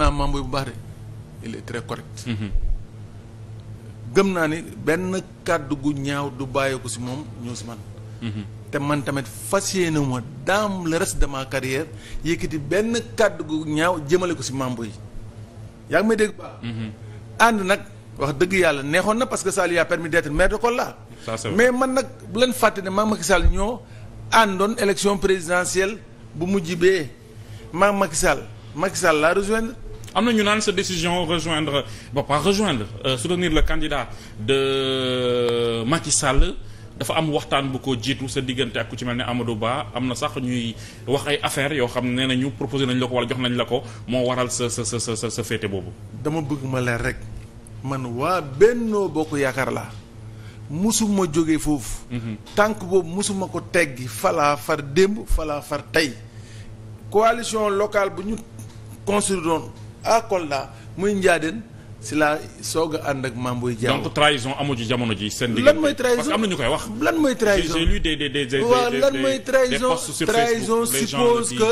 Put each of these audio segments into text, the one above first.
am naa membre bu baax de très correct. Mm-hmm. gëm naa ni benn kàddu gu ñaaw du bàyyi ko si moom ñëw si man. Mm-hmm. te man tamit fas yéene ma dans le reste de ma carrière yëkkati benn kàddu gu ñaaw jëmale ko si membre yi yaa ngi may dégg baax. Mm-hmm. ànd nag wax dëgg yàlla neexoon na parce que ça lui a permis d'être mais man nag bu leen fàtte ne maa Macky ñoo àndoon élection présidentielle bu mujj bee maa Macky Sall laa rejoindre. am na ñu naan sa décision rejoindre bon pas rejoindre euh, soutenir le candidat de Macky sàll dafa am waxtaan bu ko jiitu sa diggante ak ku ci mel ni Amadou Ba am na sax ñuy wax ay affaires yoo xam ne nañu proposé nañ la ko wala jox nañ la ko moo waral sa sa sa féete boobu. dama bëgg ma leer rek man waa Benno Bokk Yaakaar laa musuma jóge foofu. Mhm. tànk boobu musuma ko teggi falaa far démb falaa far tey. coalition locale bu ñu construire doon à Kolda muy Ndiadène si la soog ànd ak Mamboy Diaw. donc trahison amu ci jamono ji seen. lan mooy trahison parce que am ñu koy wax. lan mooy trahison j'ai lu des des des des des posts sur Facebook trahison suppose que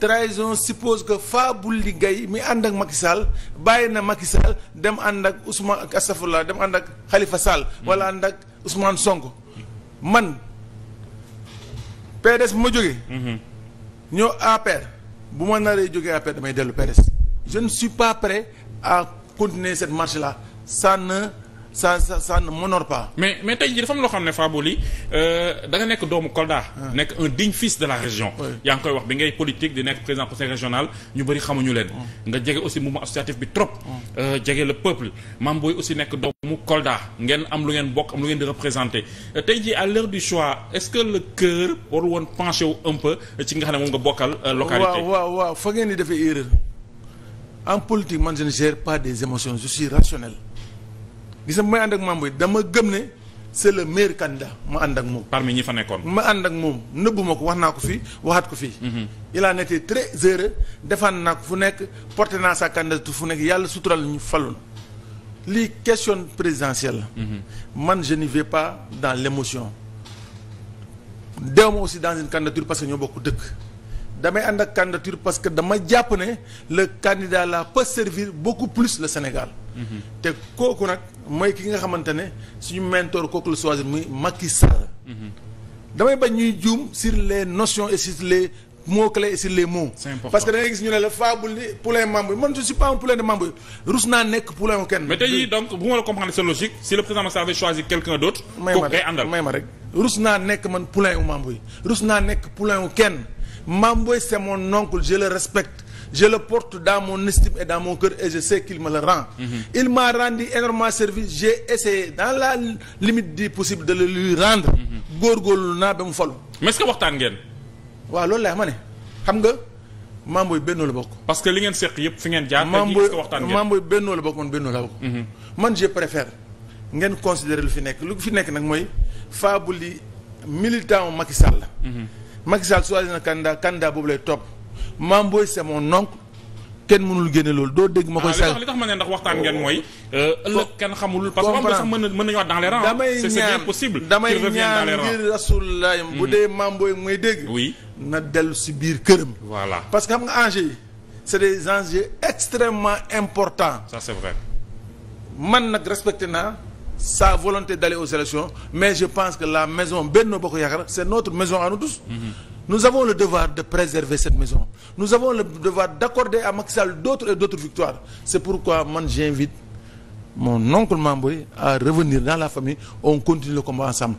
trahison suppose que Fabouly Gaye ànd ak Macky Sall bàyyi na Macky Sall dem ànd ak Ousmane ak Astafurlah dem ànd ak Khalifa Sall. wala ànd ak Ousmane Sonko. man PDS bu ma jógee. Mhm. ñoo APR bu ma naree jógee APR damay dellu PDS. je ne suis pas prêt à continuer cette marche la ça ne ça ça ça ne m'honore pas. mais mais tey jii dafa am loo xam ne Faboli euh, da nga nekk doomu Kolda. Ah. nekk un digne fils de la région. yaa ngi koy wax bi ngay politique di nekk président conseil régional ñu bëri xamuñu leen. Ah. nga jege aussi mouvement associatif bi trop. Ah. Euh, jege le peuple Mame aussi nekk doomu Kolda ngeen am lu ngeen bokk am lu ngeen di représenté euh, tey jii à l'heure du choix est-ce que la cœur warul woon penché wu un nga xam ne moom nga bokkal. localité waaw waaw waaw fa ngeen en politique man je pas des émotions je suis rationnel gis nga bu may ànd ak membre yi dama gëm ne c'est le meilleur candidat ma ànd ak moom. parmi ñi fa nekkoon. ma ànd ak moom nëbbu ko wax naa ko fii waxaat ko fi mhm. il a été très defaan nag fu nekk porte naa sa candidature fu nekk yàlla sutural ñu falu na lii question présidentielle la. Mhm. man je n'y vais pas dans l'émotion. deew ma aussi dans une candidature parce que ñoo bokk dëkk. damay ànd ak candidature parce que dama jàpp ne le candidat la peut servir beaucoup plus le Sénégal. Mm-hmm. te kooku nag mooy ki nga xamante ne suñu mentor kooku la choisir muy Macky Sall. Mm-hmm. damay bañ ñuy juum sur les notions et sur les mots clés et sur les mots. parce que da gis ñu ne la faabul ni poulain membre man je suis pas un poulain de membre rus naa nekk poulain kenn. mais tey si le président Macky Sall choisi quelqu'un naa nekk man poulain wu yi rus naa nekk poulain wu kenn. Mame Boye c'est mon oncle je le respecte porte dans moo estime et dans mon cœur et je sais qu'il me le rend mm -hmm. il m'a rendu énormément service j'ai essayé dans la limite du possible de le rendre góor mhm. góorgóorlu naa ba mu falu mais est-ce que waxtaan ngeen waaw loolu laa ma ne xam nga Mame Boye Benno la bokk parce que li ngeen seq yëpp fi ngeen jaar Mame Boye waxtaan ngeen Mame Boye Benno la bokk man Benno la bokk man je préfère ngeen considérer lu fi nekk lu fi nekk nag mooy faabuli militant Macky Sall la mhm. Macky Sall choisir na candidat candidat boobu lay topp Mame Boye c'est kenn mënul génne loolu doo dégg ma koy. Ah, saa li tax ma ne ndax waxtaan ngeen mooy. Euh, ëllëg kenn xamul parce que Mame Boye mën na mën nañu wax dans les rangs. c'est bien possible damay ñaan mooy hmm. dégg. oui na dellu si biir këram. voilà parce que xam nga enjeux yi c'est des enjeux extrêmement importants. ça c'est man nag respecté naa. sa volonté d'aller aux élections mais je pense que la maison Benno Bokk Yaakaar c'est notre maison à nous tous mm-hmm. nous avons le devoir de préserver cette maison nous avons le devoir d'accorder à Macky Sall d'autres et d'autres victoires c'est pourquoi man j'invite mon oncle Mamboy à revenir dans la famille on continue le combat ensemble